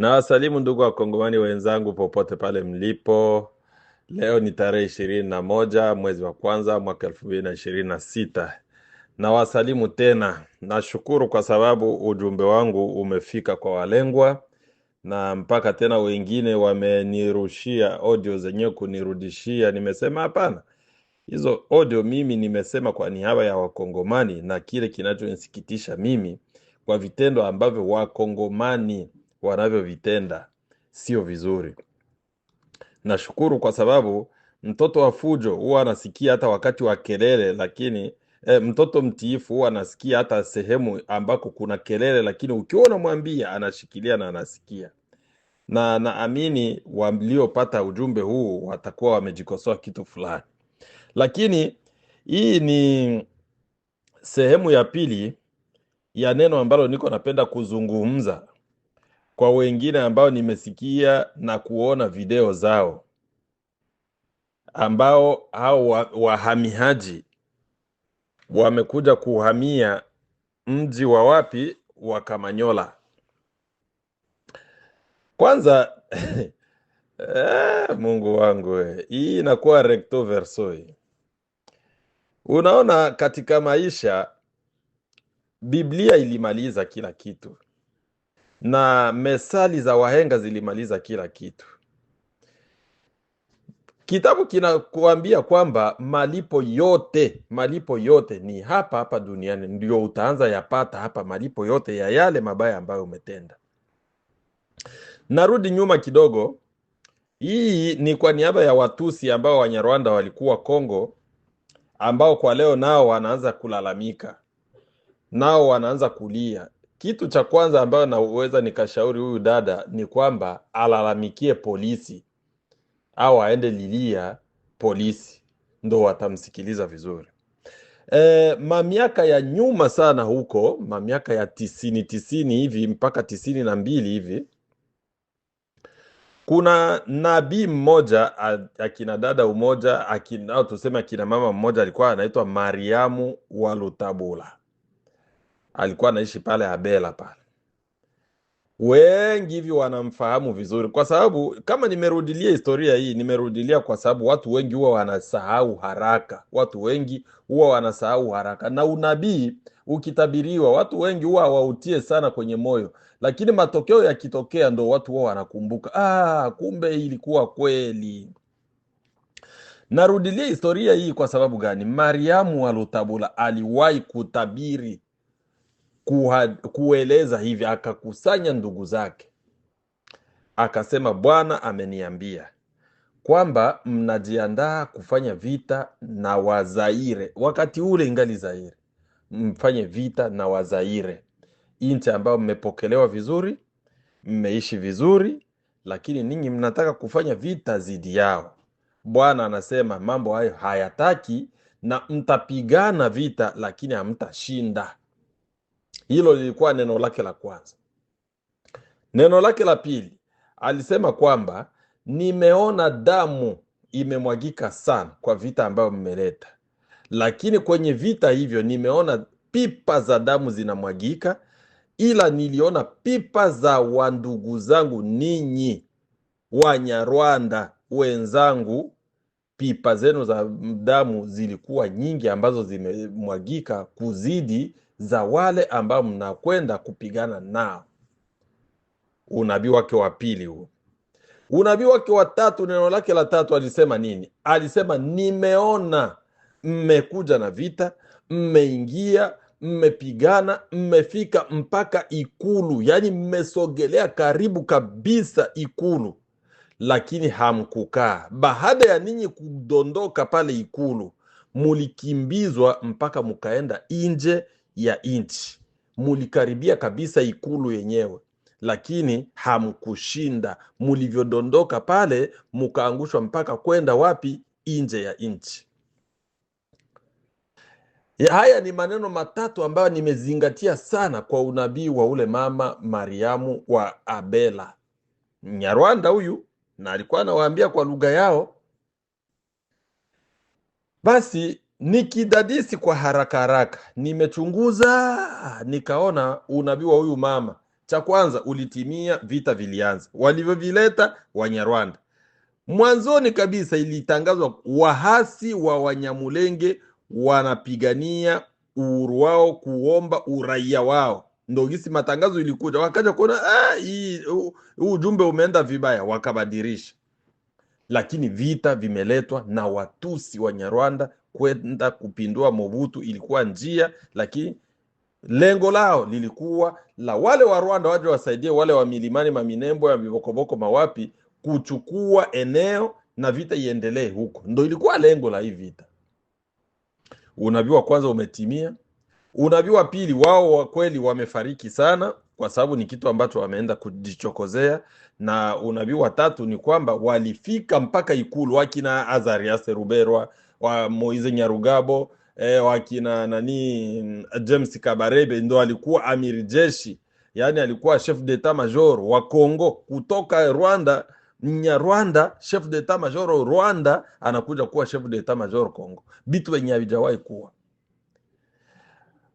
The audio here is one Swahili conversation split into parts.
Na wasalimu ndugu wakongomani wenzangu popote pale mlipo. Leo ni tarehe ishirini na moja mwezi wa kwanza mwaka elfu mbili na ishirini na sita. Na wasalimu tena, nashukuru kwa sababu ujumbe wangu umefika kwa walengwa, na mpaka tena wengine wamenirushia audio zenyewe kunirudishia. Nimesema hapana, hizo audio mimi nimesema kwa niaba ya Wakongomani, na kile kinachonisikitisha mimi kwa vitendo ambavyo Wakongomani wanavyovitenda sio vizuri. Nashukuru kwa sababu mtoto wa fujo huwa anasikia hata wakati wa kelele, lakini eh, mtoto mtiifu huwa anasikia hata sehemu ambako kuna kelele, lakini ukiwa unamwambia anashikilia na anasikia na naamini waliopata ujumbe huu watakuwa wamejikosoa kitu fulani, lakini hii ni sehemu ya pili ya neno ambalo niko napenda kuzungumza kwa wengine ambao nimesikia na kuona video zao ambao hao wahamiaji wa wamekuja kuhamia mji wa wapi wa Kamanyola. Kwanza eh, Mungu wangu hii inakuwa recto verso. Unaona, katika maisha Biblia ilimaliza kila kitu na mesali za wahenga zilimaliza kila kitu. Kitabu kinakuambia kwamba malipo yote, malipo yote ni hapa hapa duniani, ndio utaanza yapata hapa, malipo yote ya yale mabaya ambayo umetenda. Narudi nyuma kidogo. Hii ni kwa niaba ya Watusi ambao Wanyarwanda walikuwa Kongo, ambao kwa leo nao wanaanza kulalamika, nao wanaanza kulia kitu cha kwanza ambayo naweza nikashauri huyu dada ni kwamba alalamikie polisi au aende lilia polisi, ndo watamsikiliza vizuri. E, mamiaka ya nyuma sana huko, mamiaka ya tisini tisini hivi mpaka tisini na mbili hivi, kuna nabii mmoja akina dada umoja akina, au tuseme akina mama mmoja alikuwa anaitwa Mariamu Walutabula alikuwa anaishi pale Abela pale. Wengi hivyo wanamfahamu vizuri, kwa sababu kama nimerudilia historia hii, nimerudilia kwa sababu watu wengi huwa wanasahau haraka. Watu wengi huwa wanasahau haraka, na unabii ukitabiriwa, watu wengi huwa hawautie sana kwenye moyo, lakini matokeo yakitokea ndo watu huwa wanakumbuka, ah, kumbe ilikuwa kweli. Narudilia historia hii kwa sababu gani? Mariamu walutabula aliwahi kutabiri kuhad, kueleza hivi, akakusanya ndugu zake, akasema, Bwana ameniambia kwamba mnajiandaa kufanya vita na Wazaire. Wakati ule ingali Zaire, mfanye vita na Wazaire, nchi ambayo mmepokelewa vizuri, mmeishi vizuri, lakini ninyi mnataka kufanya vita dhidi yao. Bwana anasema mambo hayo hayataki, na mtapigana vita, lakini hamtashinda. Hilo lilikuwa neno lake la kwanza. Neno lake la pili alisema kwamba nimeona damu imemwagika sana kwa vita ambayo mmeleta, lakini kwenye vita hivyo nimeona pipa za damu zinamwagika, ila niliona pipa za wandugu zangu ninyi Wanyarwanda wenzangu, pipa zenu za damu zilikuwa nyingi ambazo zimemwagika kuzidi za wale ambao mnakwenda kupigana nao. Unabii wake wa pili huo. Unabii wake wa tatu, neno lake la tatu alisema nini? Alisema, nimeona mmekuja na vita, mmeingia, mmepigana, mmefika mpaka ikulu, yaani mmesogelea karibu kabisa ikulu, lakini hamkukaa. Baada ya ninyi kudondoka pale ikulu, mulikimbizwa mpaka mkaenda nje ya nchi, mulikaribia kabisa ikulu yenyewe, lakini hamkushinda. Mulivyodondoka pale, mukaangushwa mpaka kwenda wapi? Nje ya nchi. Haya ni maneno matatu ambayo nimezingatia sana kwa unabii wa ule mama Mariamu wa Abela, nyarwanda huyu, na alikuwa anawaambia kwa lugha yao. Basi Nikidadisi kwa haraka haraka, nimechunguza nikaona unabii wa huyu mama, cha kwanza ulitimia, vita vilianza. Walivyovileta Wanyarwanda, mwanzoni kabisa ilitangazwa wahasi wa Wanyamulenge wanapigania uhuru wao, kuomba uraia wao ndo gisi matangazo ilikuja, wakaja kuona ah, huu ujumbe umeenda vibaya, wakabadirisha Lakini vita vimeletwa na Watusi wa Nyarwanda kwenda kupindua Mobutu ilikuwa njia, lakini lengo lao lilikuwa la wale wa Rwanda waje wasaidie wale wa milimani maminembo ya vibokoboko mawapi kuchukua eneo na vita iendelee huko. Ndo ilikuwa lengo la hii vita. Unabii wa kwanza umetimia. Unabii wa pili, wao wa kweli wamefariki sana, kwa sababu ni kitu ambacho wameenda kujichokozea. Na unabii wa tatu ni kwamba walifika mpaka ikulu wakina Azarias Ruberwa wa Moise Nyarugabo eh, wakina nani James Kabarebe ndo alikuwa amiri jeshi, yani alikuwa chef d'etat major wa Congo kutoka Rwanda. Mnyarwanda chef d'etat major Rwanda anakuja kuwa chef d'etat major Congo, bitu wenye havijawahi kuwa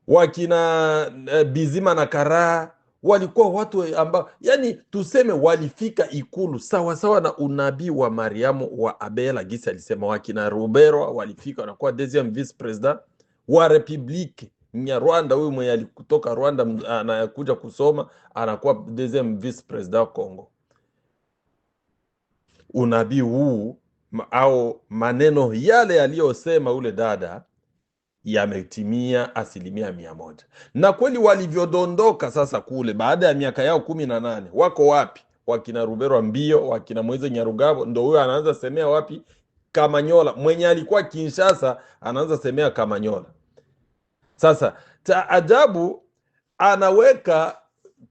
wakina eh, Bizima na Karaa walikuwa watu ambao yani tuseme walifika ikulu sawasawa sawa na unabii wa Mariamu wa Abela gisi alisema, wakina Ruberwa walifika wanakuwa deuxième vice president wa republique ya Rwanda. Huyu mwenye alikutoka Rwanda anakuja kusoma anakuwa deuxième vice president wa Congo. Unabii huu au maneno yale aliyosema ule dada yametimia asilimia mia moja. Na kweli walivyodondoka sasa kule baada ya miaka yao kumi na nane wako wapi? Wakina Ruberwa Mbio, wakina mweze Nyarugabo, ndo huyo anaanza semea wapi? Kamanyola, mwenye alikuwa Kinshasa anaanza semea Kamanyola. Sasa ta ajabu anaweka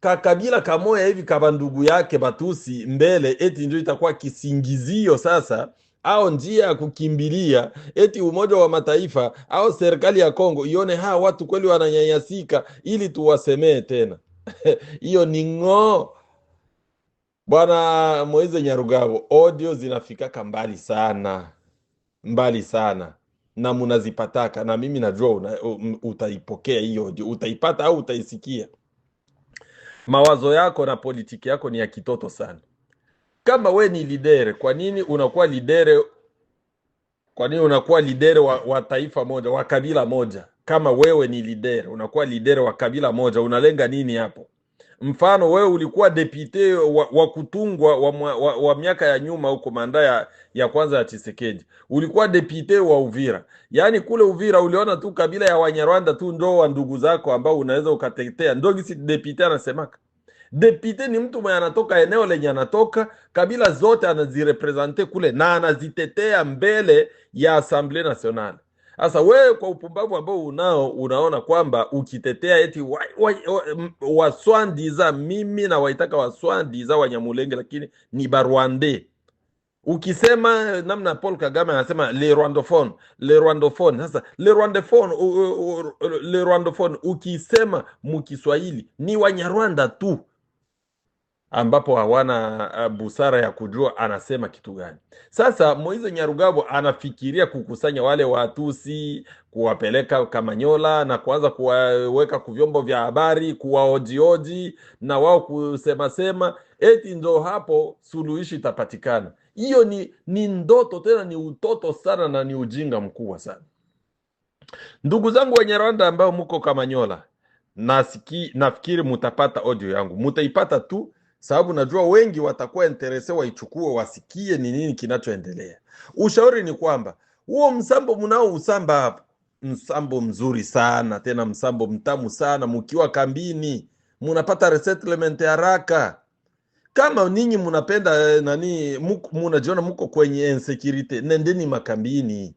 kakabila kamoya hivi kaba ndugu yake Batusi mbele, eti ndio itakuwa kisingizio sasa au njia ya kukimbilia eti Umoja wa Mataifa au serikali ya Kongo ione hawa watu kweli wananyanyasika, ili tuwasemee tena hiyo ni ng'oo. Bwana Moize Nyarugabo, audio zinafikaka mbali sana, mbali sana na munazipataka, na mimi najua una, um, utaipokea hiyo audio, utaipata au utaisikia. Mawazo yako na politiki yako ni ya kitoto sana. Kama we ni lidere, kwa nini unakuwa lidere? Kwa nini unakuwa lidere wa, wa taifa moja wa kabila moja? Kama wewe ni lidere, unakuwa lidere wa kabila moja, unalenga nini hapo? Mfano wewe ulikuwa depute wa, wa kutungwa wa, wa, wa miaka ya nyuma huko manda ya, ya kwanza ya Chisekedi, ulikuwa depute wa Uvira. Yaani kule Uvira uliona tu kabila ya Wanyarwanda tu ndo wa ndugu zako ambao unaweza ukatetea, ndo gisi depute anasemaka. Depite ni mtu mwenye anatoka eneo lenye anatoka, kabila zote anazirepresente kule na anazitetea mbele ya Assemble Nationale. Sasa wewe kwa upumbavu ambao unao, unaona kwamba ukitetea eti waswandiza, mimi na waitaka waswandiza Wanyamulenge, lakini ni Barwande. Ukisema namna Paul Kagame anasema le rwandophone, le rwandophone. Sasa le rwandophone, le rwandophone ukisema mukiswahili ni Wanyarwanda tu ambapo hawana eh, busara ya kujua anasema kitu gani. Sasa Moize Nyarugabo anafikiria kukusanya wale Watusi, kuwapeleka Kamanyola na kuanza kuwaweka vyombo vya habari, kuwaojioji na wao kusemasema, eti ndo hapo suluhishi itapatikana. Hiyo ni, ni ndoto tena, ni utoto sana na ni ujinga mkubwa sana. Ndugu zangu wenye Rwanda ambao muko Kamanyola, nasiki nafikiri mutapata audio yangu, mutaipata tu sababu najua wengi watakuwa interese waichukue wasikie ni nini kinachoendelea. Ushauri ni kwamba huo msambo mnao usamba hapo, msambo mzuri sana tena msambo mtamu sana, mkiwa kambini mnapata resettlement haraka. Kama ninyi mnapenda eh, nani, munajiona mko kwenye insecurity, nendeni makambini.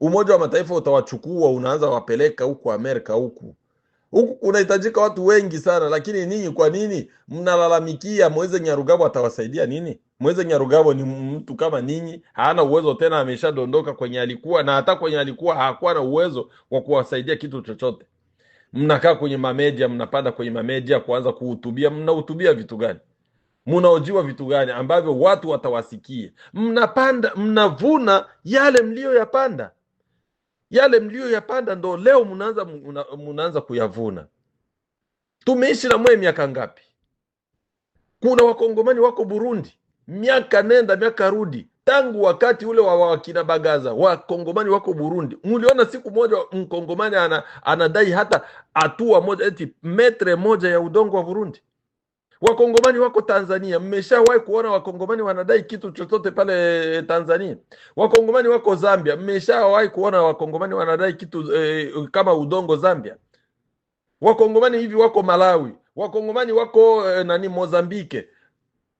Umoja wa Mataifa utawachukua unaanza wapeleka huku Amerika huku huku kunahitajika watu wengi sana, lakini ninyi kwa nini mnalalamikia mweze Nyarugabo? Atawasaidia nini? mweze Nyarugabo ni mtu kama ninyi, hana uwezo tena, ameshadondoka kwenye alikuwa, na hata kwenye alikuwa hakuwa na uwezo wa kuwasaidia kitu chochote. Mnakaa kwenye mamedia, mnapanda kwenye mamedia kuanza kuhutubia. Mnahutubia vitu gani? Mnaojiwa vitu gani ambavyo watu watawasikia? Mnapanda, mnavuna yale mliyoyapanda yale mliyoyapanda ndo leo mnaanza mnaanza kuyavuna. Tumeishi na mweye miaka ngapi? Kuna wakongomani wako Burundi miaka nenda miaka rudi, tangu wakati ule wa wakina Bagaza, wakongomani wako Burundi. Mliona siku moja mkongomani ana, anadai hata hatua moja eti metre moja ya udongo wa Burundi? Wakongomani wako Tanzania, mmeshawahi kuona wakongomani wanadai kitu chochote pale Tanzania? Wakongomani wako Zambia, mmeshawahi kuona wakongomani wanadai kitu eh, kama udongo Zambia? Wakongomani hivi wako Malawi, wakongomani wako eh, nani Mozambike,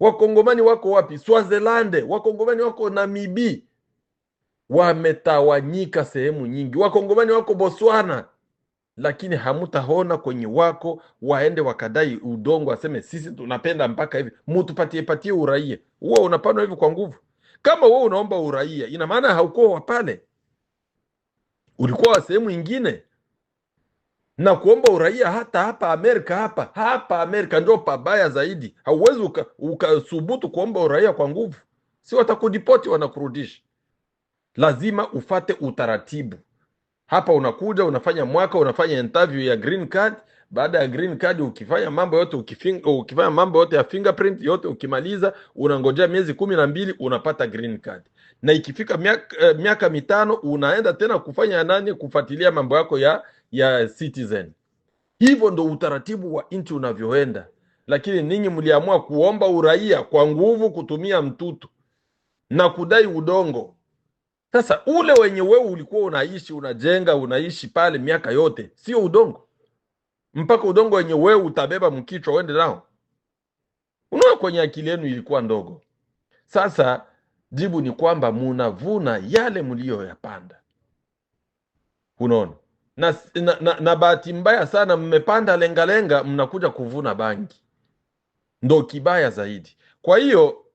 wakongomani wako wapi Swaziland, wakongomani wako Namibi, wametawanyika sehemu nyingi, wakongomani wako Botswana lakini hamutaona kwenye wako waende wakadai udongo, waseme sisi tunapenda mpaka hivi mutupatie patie uraia. Huo unapanwa hivi kwa nguvu. Kama wewe unaomba uraia, ina maana haukuwa wa pale, ulikuwa wa sehemu ingine. Na kuomba uraia hata hapa Amerika, hapa hapa Amerika ndio pabaya zaidi. Hauwezi ukathubutu uka kuomba uraia kwa nguvu, si watakudipoti, wanakurudisha. Lazima ufate utaratibu hapa unakuja unafanya mwaka, unafanya interview ya green card. Baada ya green card, ukifanya mambo yote ukifinga, ukifanya mambo yote ya fingerprint yote ukimaliza, unangojea miezi kumi na mbili unapata green card, na ikifika miaka, uh, eh, miaka mitano unaenda tena kufanya nani, kufuatilia mambo yako ya ya citizen. Hivyo ndo utaratibu wa nchi unavyoenda, lakini ninyi mliamua kuomba uraia kwa nguvu, kutumia mtutu na kudai udongo sasa ule wenye wewe ulikuwa unaishi unajenga unaishi pale miaka yote, sio udongo, mpaka udongo wenye wewe utabeba mkichwa uende nao. Unaona, kwenye akili yenu ilikuwa ndogo. Sasa jibu ni kwamba munavuna yale mliyoyapanda. Unaona na, na, na, na bahati mbaya sana mmepanda lengalenga, mnakuja kuvuna bangi, ndo kibaya zaidi. Kwa hiyo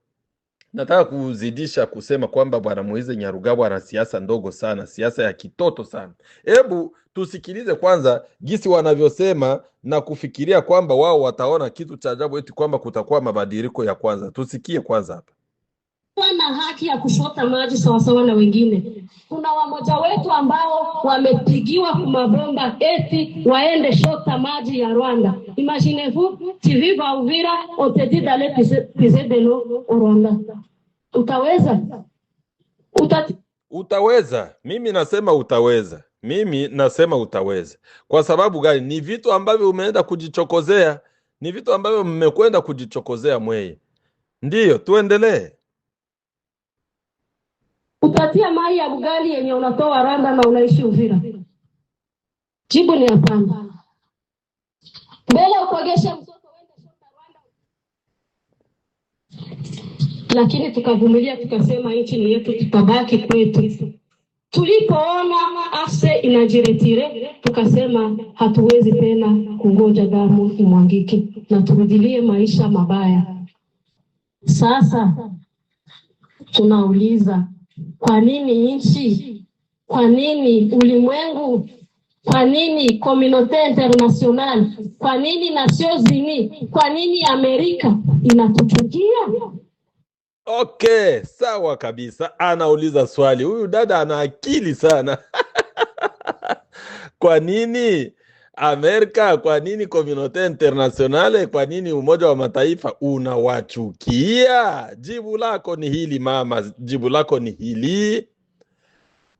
Nataka kuzidisha kusema kwamba bwana Moise Nyarugabo ana siasa ndogo sana, siasa ya kitoto sana. Hebu tusikilize kwanza gisi wanavyosema na kufikiria kwamba wao wataona kitu cha ajabu, eti kwamba kutakuwa mabadiliko ya kwanza. Tusikie kwanza hapa kuwa na haki ya kushota maji sawasawa na wengine. Kuna wamoja wetu ambao wamepigiwa kumabomba eti waende shota maji ya Rwanda. Imagine vous tu vis Uvira on te de Rwanda. Utaweza? Utaweza? Mimi nasema utaweza. Mimi nasema utaweza. Kwa sababu gani? Ni vitu ambavyo umeenda kujichokozea, ni vitu ambavyo mmekwenda kujichokozea mweye. Ndiyo, tuendelee utatia mai ya bugali yenye unatoa randa na unaishi Uvira? Jibu ni hapana. Mbele ukogeshe mtoto wende Rwanda, lakini tukavumilia, tukasema nchi ni yetu, tutabaki kwetu. Tulipoona afse inajiretire, tukasema hatuwezi tena kungoja damu imwangike na turudilie maisha mabaya. Sasa tunauliza kwa nini nchi? Kwa nini ulimwengu? Kwa nini komunote international? Kwa nini Nations Unies? Kwa nini Amerika inatuchukia? Okay, sawa kabisa. Anauliza swali huyu dada, ana akili sana. Kwa nini Amerika, kwa nini komunote internasionale, kwa nini Umoja wa Mataifa unawachukia? Jibu lako ni hili mama, jibu lako ni hili.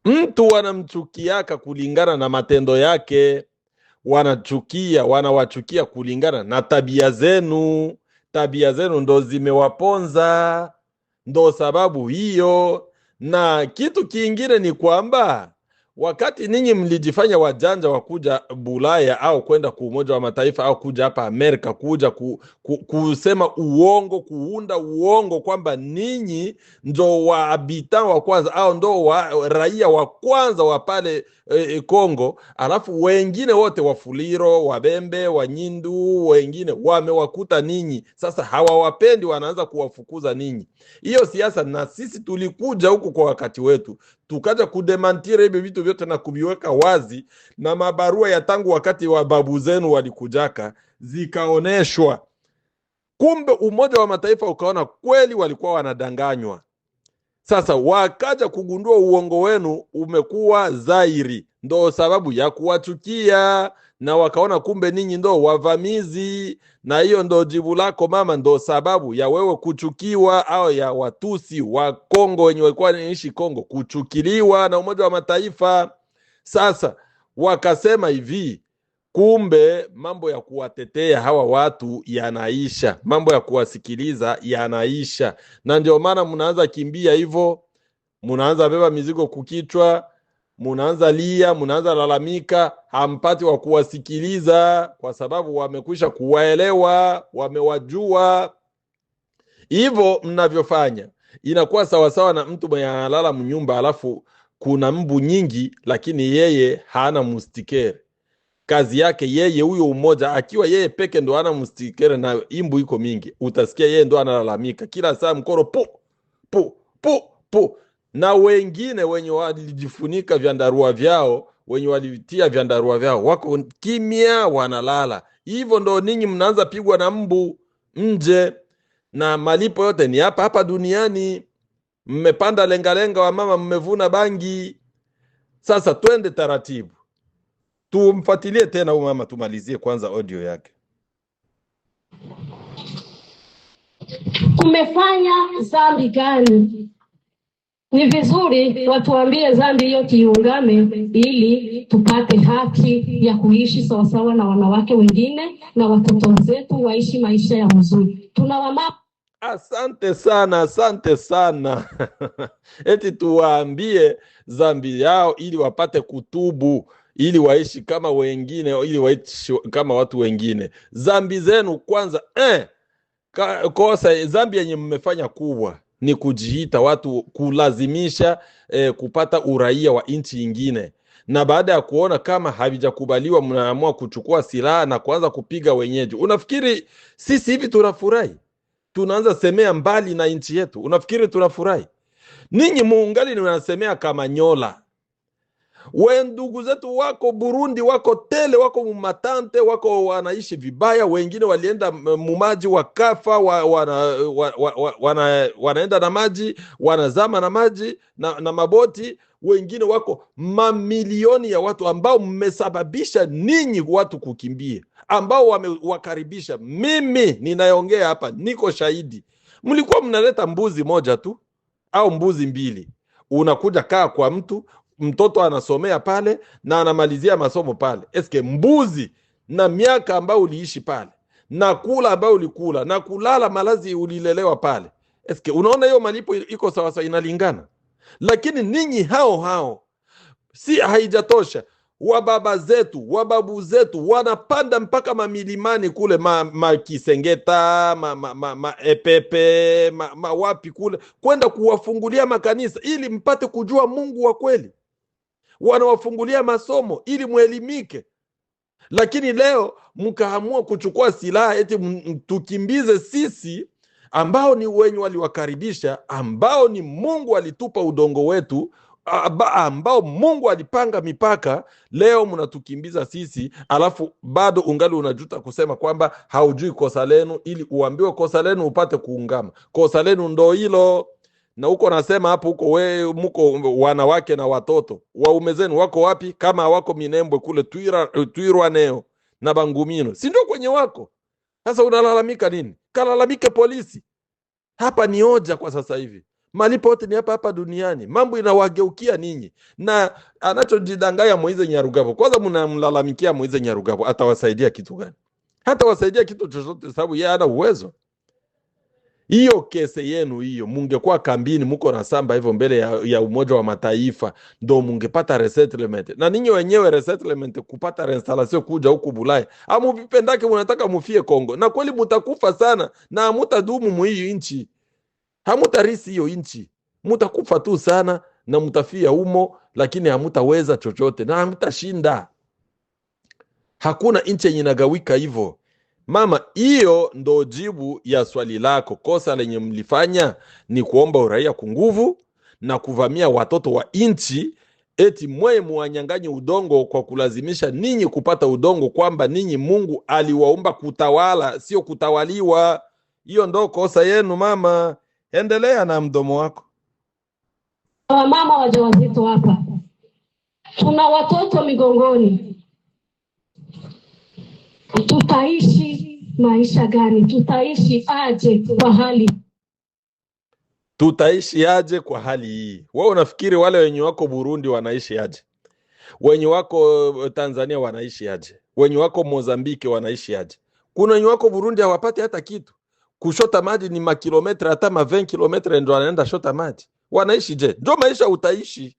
Mtu wanamchukiaka kulingana na matendo yake, wanachukia wanawachukia kulingana na tabia zenu. Tabia zenu ndo zimewaponza, ndo sababu hiyo. Na kitu kingine ni kwamba Wakati ninyi mlijifanya wajanja wa kuja Bulaya au kwenda ku Umoja wa Mataifa au kuja hapa Amerika kuja ku, ku, kusema uongo, kuunda uongo kwamba ninyi ndo waabita wa kwanza au ndo wa raia wa kwanza wa pale E, e, Kongo e, alafu wengine wote Wafuliro, Wabembe, Wanyindu wengine wamewakuta ninyi, sasa hawawapendi, wanaanza kuwafukuza ninyi. Hiyo siasa, na sisi tulikuja huku kwa wakati wetu tukaja kudemantire hivi vitu vyote na kuviweka wazi, na mabarua ya tangu wakati wa babu zenu walikujaka zikaoneshwa. Kumbe Umoja wa Mataifa ukaona kweli walikuwa wanadanganywa sasa wakaja kugundua uongo wenu umekuwa dhahiri, ndo sababu ya kuwachukia, na wakaona kumbe ninyi ndo wavamizi, na hiyo ndo jibu lako mama, ndo sababu ya wewe kuchukiwa, au ya Watusi wa Kongo wenye walikuwa wanaishi Kongo kuchukiliwa na Umoja wa Mataifa. Sasa wakasema hivi Kumbe mambo ya kuwatetea hawa watu yanaisha, mambo ya kuwasikiliza yanaisha, na ndio maana mnaanza kimbia hivyo, mnaanza beba mizigo kukichwa, mnaanza lia, mnaanza lalamika, hampati wa kuwasikiliza kwa sababu wamekwisha kuwaelewa, wamewajua. Hivyo mnavyofanya inakuwa sawasawa na mtu mwenye analala mnyumba, alafu kuna mbu nyingi, lakini yeye hana mustikere kazi yake yeye huyo umoja, akiwa yeye peke ndo ana mstikere na imbu iko mingi, utasikia yeye ndo analalamika kila saa mkoro pu pu pu pu, na wengine wenye walijifunika vyandarua vyao wenye walitia vyandarua vyao wako kimya, wanalala hivyo. Ndo ninyi mnaanza pigwa na mbu nje, na malipo yote ni hapa hapa duniani. Mmepanda lengalenga, wa mama mmevuna bangi. Sasa twende taratibu. Tumfuatilie tena huyu mama, tumalizie kwanza audio yake. Umefanya zambi gani? Ni vizuri watuambie zambi hiyo kiungame, ili tupate haki ya kuishi sawasawa na wanawake wengine na watoto zetu waishi maisha ya mzuri. Tuna wama Asante sana, asante sana eti tuwaambie zambi yao ili wapate kutubu ili waishi kama wengine, ili waishi kama watu wengine. Zambi zenu kwanza, eh, kosa zambi yenye mmefanya kubwa ni kujiita watu, kulazimisha eh, kupata uraia wa nchi nyingine, na baada ya kuona kama havijakubaliwa mnaamua kuchukua silaha na kuanza kupiga wenyeji. Unafikiri sisi hivi tunafurahi? Tunaanza semea mbali na nchi yetu, unafikiri tunafurahi? Ninyi muungali kama Kamanyola we ndugu zetu wako Burundi, wako tele, wako mumatante, wako wanaishi vibaya. Wengine walienda mumaji wakafa, wa, wana, wa, wa, wa, wana, wanaenda na maji wanazama na maji na, na maboti. Wengine wako mamilioni ya watu ambao mmesababisha ninyi watu kukimbia, ambao wamewakaribisha. Mimi ninayongea hapa niko shahidi. Mlikuwa mnaleta mbuzi moja tu au mbuzi mbili unakuja kaa kwa mtu mtoto anasomea pale na anamalizia masomo pale. Eske mbuzi na miaka ambayo uliishi pale na kula ambayo ulikula na kulala malazi ulilelewa pale, eske unaona hiyo malipo iko sawasawa, inalingana? Lakini ninyi hao hao, si haijatosha wababa zetu wababu zetu wanapanda mpaka mamilimani kule makisengeta ma ma, ma, ma, ma, ma, ma wapi kule kwenda kuwafungulia makanisa ili mpate kujua Mungu wa kweli wanawafungulia masomo ili mwelimike lakini leo mkaamua kuchukua silaha eti tukimbize sisi ambao ni wenye waliwakaribisha ambao ni mungu alitupa udongo wetu ambao mungu alipanga mipaka leo mnatukimbiza sisi alafu bado ungali unajuta kusema kwamba haujui kosa lenu ili uambiwe kosa lenu upate kuungama kosa lenu ndo hilo na huko nasema hapo huko, we mko wanawake na watoto, waume zenu wako wapi? Kama wako Minembwe kule Twira, neo na Bangumino, si ndio kwenye wako? Sasa unalalamika nini? Kalalamike polisi. Hapa ni hoja kwa sasa hivi, malipo yote ni hapa hapa duniani, mambo inawageukia ninyi. Na anachojidangaya Moize Nyarugabo, kwanza mnamlalamikia Moize Nyarugabo, atawasaidia kitu gani? Hatawasaidia kitu chochote, sababu yeye ana uwezo hiyo kese yenu hiyo, mungekuwa kambini, muko na samba hivyo mbele ya, ya Umoja wa Mataifa, ndo mungepata resettlement. Na ninyi wenyewe resettlement kupata reinstallation kuja huku Bulaya, amuvipendake munataka mufie Kongo, na kweli mutakufa sana na hamutadumu muhiyo inchi, hamutarisi hiyo inchi, mutakufa tu sana na mutafia umo, lakini hamutaweza chochote na hamutashinda. Hakuna inchi yenye nagawika hivyo Mama, hiyo ndo jibu ya swali lako. Kosa lenye mlifanya ni kuomba uraia kwa nguvu na kuvamia watoto wa nchi, eti mweye muwanyanganye udongo kwa kulazimisha ninyi kupata udongo, kwamba ninyi Mungu aliwaumba kutawala, sio kutawaliwa. Hiyo ndo kosa yenu mama. Endelea na mdomo wako. mama wajawazito hapa, tuna watoto migongoni tutaishi maisha gani? Tutaishi aje kwa hali tutaishi aje kwa hali hii? Wewe unafikiri wale wenye wako Burundi wanaishi aje? Wenye wako eh, Tanzania wanaishi aje? Wenye wako Mozambiki wanaishi aje? Kuna wenye wako Burundi hawapati hata kitu, kushota maji ni makilometra hata ma 20 kilometra ndio shota maji, wanaishi je? Ndio maisha utaishi.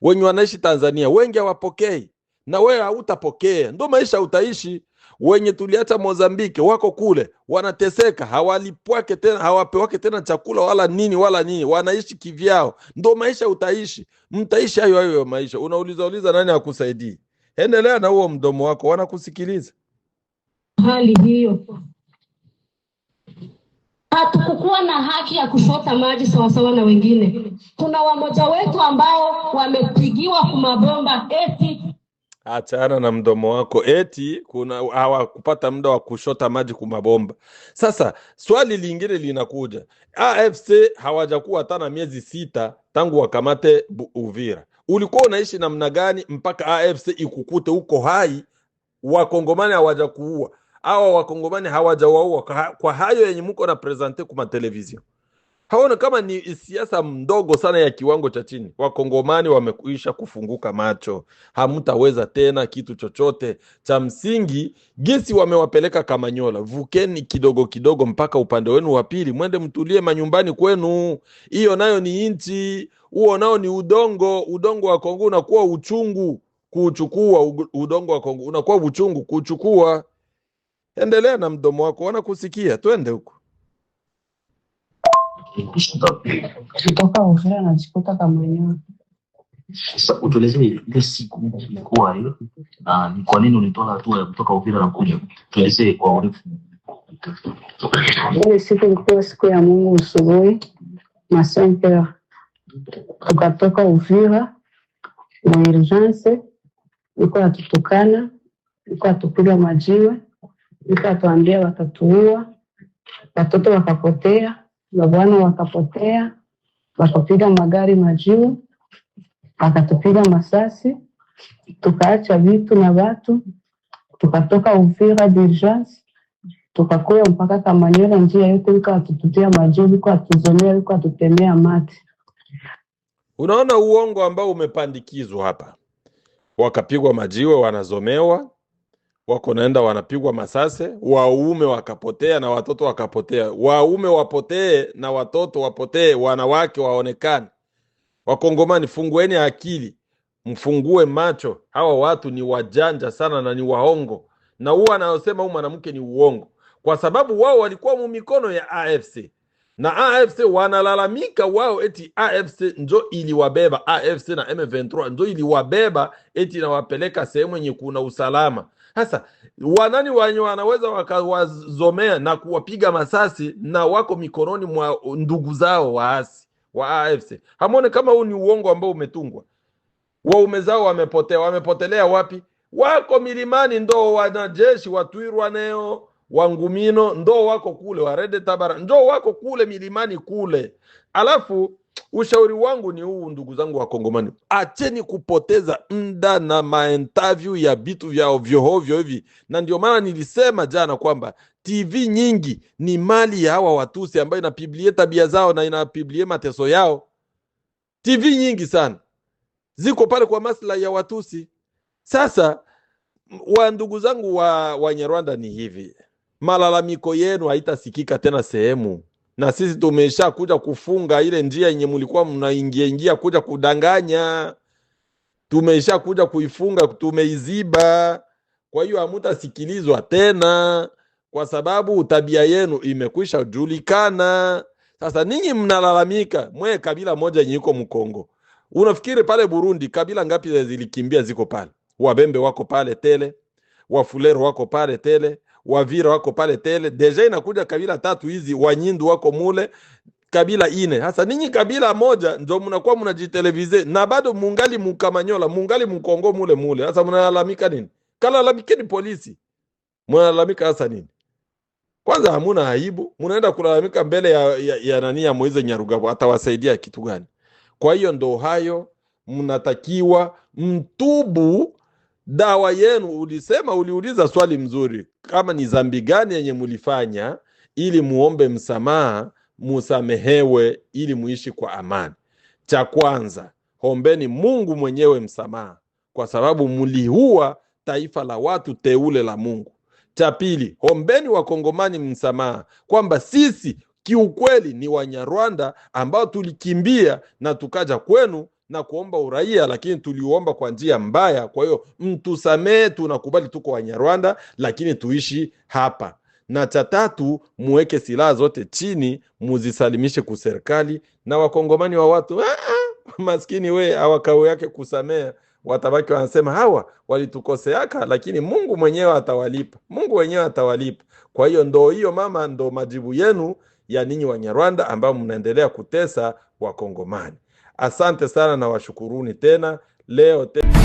Wenye wanaishi Tanzania wengi hawapokei, na wewe hautapokea, ndio maisha utaishi wenye tuliacha mozambike wako kule wanateseka, hawalipwake tena, hawapewake tena chakula wala nini wala nini, wanaishi kivyao. Ndo maisha utaishi, mtaishi hayo hayo maisha. Unauliza uliza, nani akusaidii? Endelea na huo mdomo wako, wanakusikiliza. Hali hiyo hatukukuwa na haki ya kushota maji sawasawa na wengine. Kuna wamoja wetu ambao wamepigiwa kumabomba eti Achana na mdomo wako, eti kuna kupata muda wa kushota maji kumabomba. Sasa swali lingine linakuja, AFC hawajakuwa hata na miezi sita tangu wakamate Uvira. Ulikuwa unaishi namna gani mpaka AFC ikukute huko hai? Wakongomani hawajakuua, awa wakongomani hawajawaua kwa hayo yenye muko na presente kwa televizion haona kama ni siasa mdogo sana ya kiwango cha chini. Wakongomani wamekuisha kufunguka macho, hamtaweza tena kitu chochote cha msingi. Gisi wamewapeleka Kamanyola, vukeni kidogo kidogo mpaka upande wenu wa pili, mwende mtulie manyumbani kwenu. Hiyo nayo ni nchi, huo nao ni udongo. Udongo wa Kongo unakuwa uchungu kuuchukua, udongo wa Kongo unakuwa uchungu kuuchukua. Endelea na mdomo wako, wanakusikia. Twende huko kutoka Uvira najikuta Kamanyola. Sasa utuelezee ile siku ilikuwa hiyo, na ni kwa nini ulitoa hatua ya kutoka Uvira na kuja? Tuelezee kwa urefu. Ile siku ilikuwa siku ya Mungu usubuhi masenker, tukatoka Uvira na urgence, iko atutukana, iko atupiga majiwe, iko atuambia watatuua, watoto wakapotea na Bwana wakapotea, wakapiga magari majuu, wakatupiga masasi, tukaacha vitu na watu, tukatoka Uvira Birjans tukakuya mpaka Kamanyola, njia yote iko atututia majuu, iko atuzonea, iko atutemea mati Unaona uongo ambao umepandikizwa hapa, wakapigwa majiwe, wanazomewa wako naenda wanapigwa masase, waume wakapotea na watoto wakapotea, waume wapotee na watoto wapotee, wanawake waonekane. Wakongomani, fungueni akili, mfungue macho. Hawa watu ni wajanja sana na ni waongo, na huwa anayosema huu mwanamke ni uongo, kwa sababu wao walikuwa mu mikono ya AFC na AFC wanalalamika wao eti AFC njo iliwabeba. AFC na M23 njo iliwabeba eti inawapeleka sehemu yenye kuna usalama. Sasa wanani wanye wanaweza wakawazomea na kuwapiga masasi na wako mikononi mwa ndugu zao waasi wa AFC. Hamwone kama huu ni uongo ambao umetungwa? Waume zao wamepotea, wamepotelea wapi? Wako milimani, ndo wanajeshi watwirwaneo Wangumino ndo wako kule, Warede Tabara ndo wako kule milimani kule, alafu Ushauri wangu ni huu, ndugu zangu wa Kongomani, acheni kupoteza mda na maentavyu ya vitu vya ovyohovyo hivi. Na ndio maana nilisema jana kwamba TV nyingi ni mali ya hawa Watusi ambayo inapiblie tabia zao na inapiblie mateso yao. TV nyingi sana ziko pale kwa maslahi ya Watusi. Sasa wa ndugu zangu wa Wanyarwanda, ni hivi, malalamiko yenu haitasikika tena sehemu na sisi tumesha kuja kufunga ile njia yenye mlikuwa mnaingia ingia kuja kudanganya, tumesha kuja kuifunga, tumeiziba. Kwa hiyo hamutasikilizwa tena, kwa sababu tabia yenu imekwisha julikana. Sasa ninyi mnalalamika mwe kabila moja yenye iko Mkongo. Unafikiri pale Burundi kabila ngapi zilikimbia? Ziko pale, Wabembe wako pale tele, Wafulero wako pale tele Wavira wako pale tele, deja inakuja kabila tatu hizi, Wanyindu wako mule kabila ine. Hasa ninyi kabila moja ndio mnakuwa mnajitelevize na bado mungali mukamanyola, mungali mkongo mule mule. Hasa mnalalamika nini? Kalalamikeni polisi, mnalalamika hasa nini? Kwanza hamuna aibu, mnaenda kulalamika mbele ya, ya, ya nani ya Moize Nyarugabo, atawasaidia kitu gani? Kwa hiyo ndo hayo mnatakiwa mtubu dawa yenu. Ulisema, uliuliza swali mzuri, kama ni dhambi gani yenye mulifanya ili muombe msamaha musamehewe, ili muishi kwa amani. Cha kwanza, ombeni Mungu mwenyewe msamaha, kwa sababu muliua taifa la watu teule la Mungu. Cha pili, ombeni wakongomani msamaha, kwamba sisi kiukweli ni Wanyarwanda ambao tulikimbia na tukaja kwenu na kuomba uraia, lakini tuliuomba kwa njia mbaya. Kwa hiyo mtusamee, tunakubali tuko Wanyarwanda, lakini tuishi hapa. Na cha tatu, muweke silaha zote chini, muzisalimishe kuserikali na wakongomani wa watu ah, ah, maskini we awakao yake kusamea watabaki wanasema hawa walitukoseaka, lakini Mungu mwenyewe atawalipa, Mungu mwenyewe atawalipa. Kwa hiyo ndo hiyo mama, ndo majibu yenu ya ninyi Wanyarwanda ambao mnaendelea kutesa Wakongomani. Asante sana na washukuruni tena leo tena.